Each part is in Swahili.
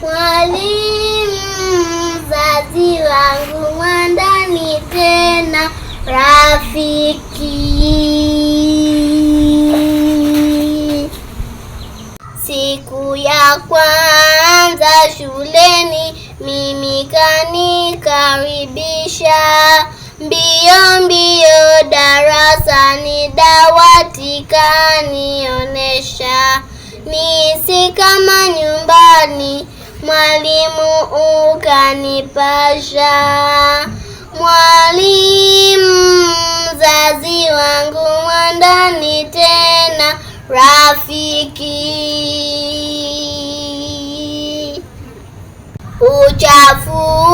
mwalimu mzazi wangu mwandani tena rafiki. Siku ya kwanza shuleni mimi kanikaribisha mbio mbio darasani, dawati kanionesha, nisi kama nyumbani. Mwalimu ukanipasha, mwalimu mzazi wangu wandani tena rafiki. Uchafu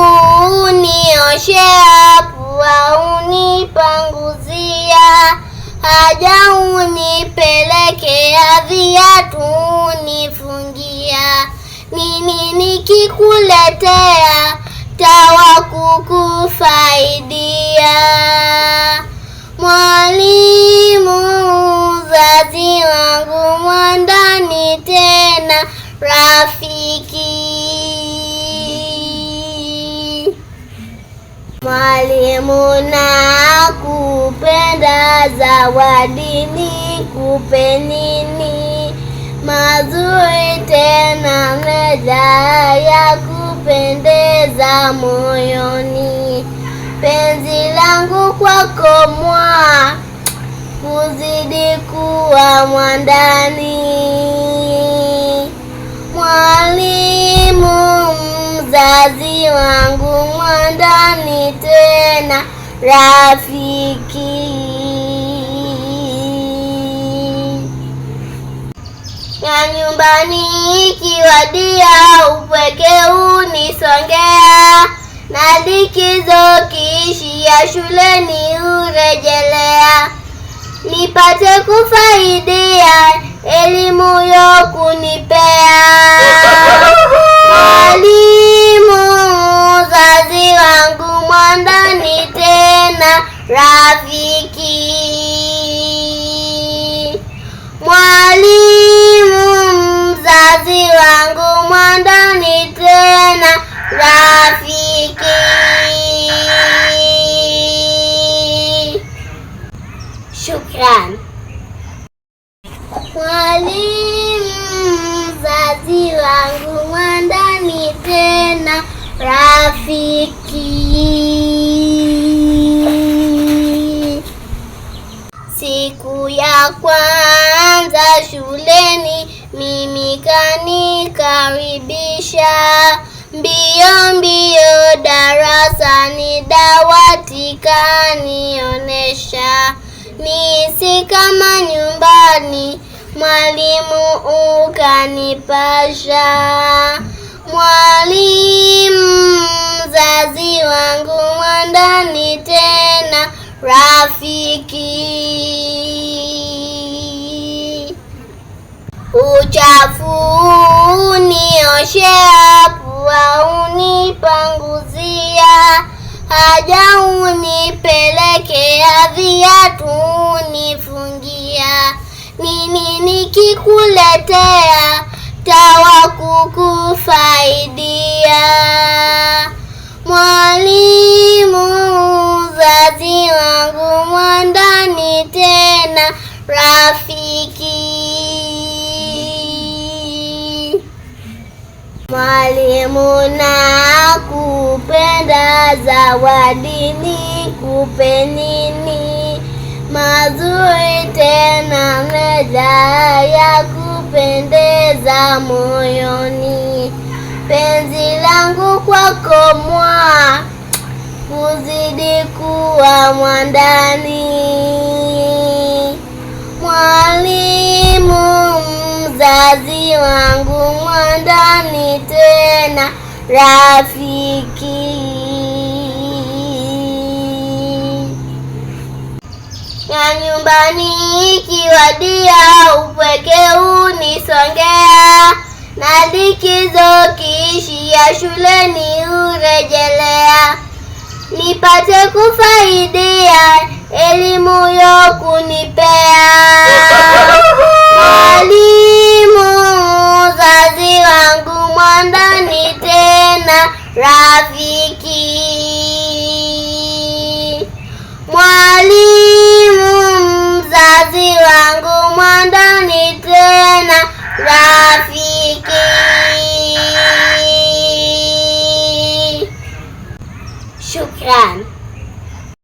unioshea, pua unipanguzia, haja unipelekea, viatu nini nikikuletea tawa kukufaidia mwalimu mzazi wangu mwandani tena rafiki mwalimu na kupenda zawadi nikupe nini mazuri tena meza ya kupendeza moyoni, penzi langu kwako mwa kuzidi kuwa mwandani, mwalimu mzazi wangu, mwandani tena rafiki na nyumbani ikiwadia, upweke unisongea, na likizo kiishia, shuleni urejelea, nipate kufaidia, elimu yo kunipea. Mwalimu mzazi wangu, mwandani tena rafiki wangu mwandani tena rafiki. Shukran. Mwalimu mzazi wangu mwandani tena rafiki. Siku ya kwanza shuleni mimi kanikaribisha. Mbio mbio darasani, dawati kanionesha. nisi kama nyumbani, mwalimu ukanipasha. Mwalimu mzazi wangu, wandani tena rafiki uchafu unioshea, pua unipanguzia, haja unipelekea, viatu unifungia. Nini nikikuletea, tawa kukufaidia mwalimu, na kupenda zawadini, kupenini mazuri tena meza ya kupendeza moyoni, penzi langu kwako mwa kuzidi kuwa mwandani, mwalimu mzazi wangu mwandani tena rafiki. Na nyumbani ikiwadia, upweke unisongea, na likizo kiishia, shuleni urejelea, nipate kufaidia elimu yokunipea Ravi.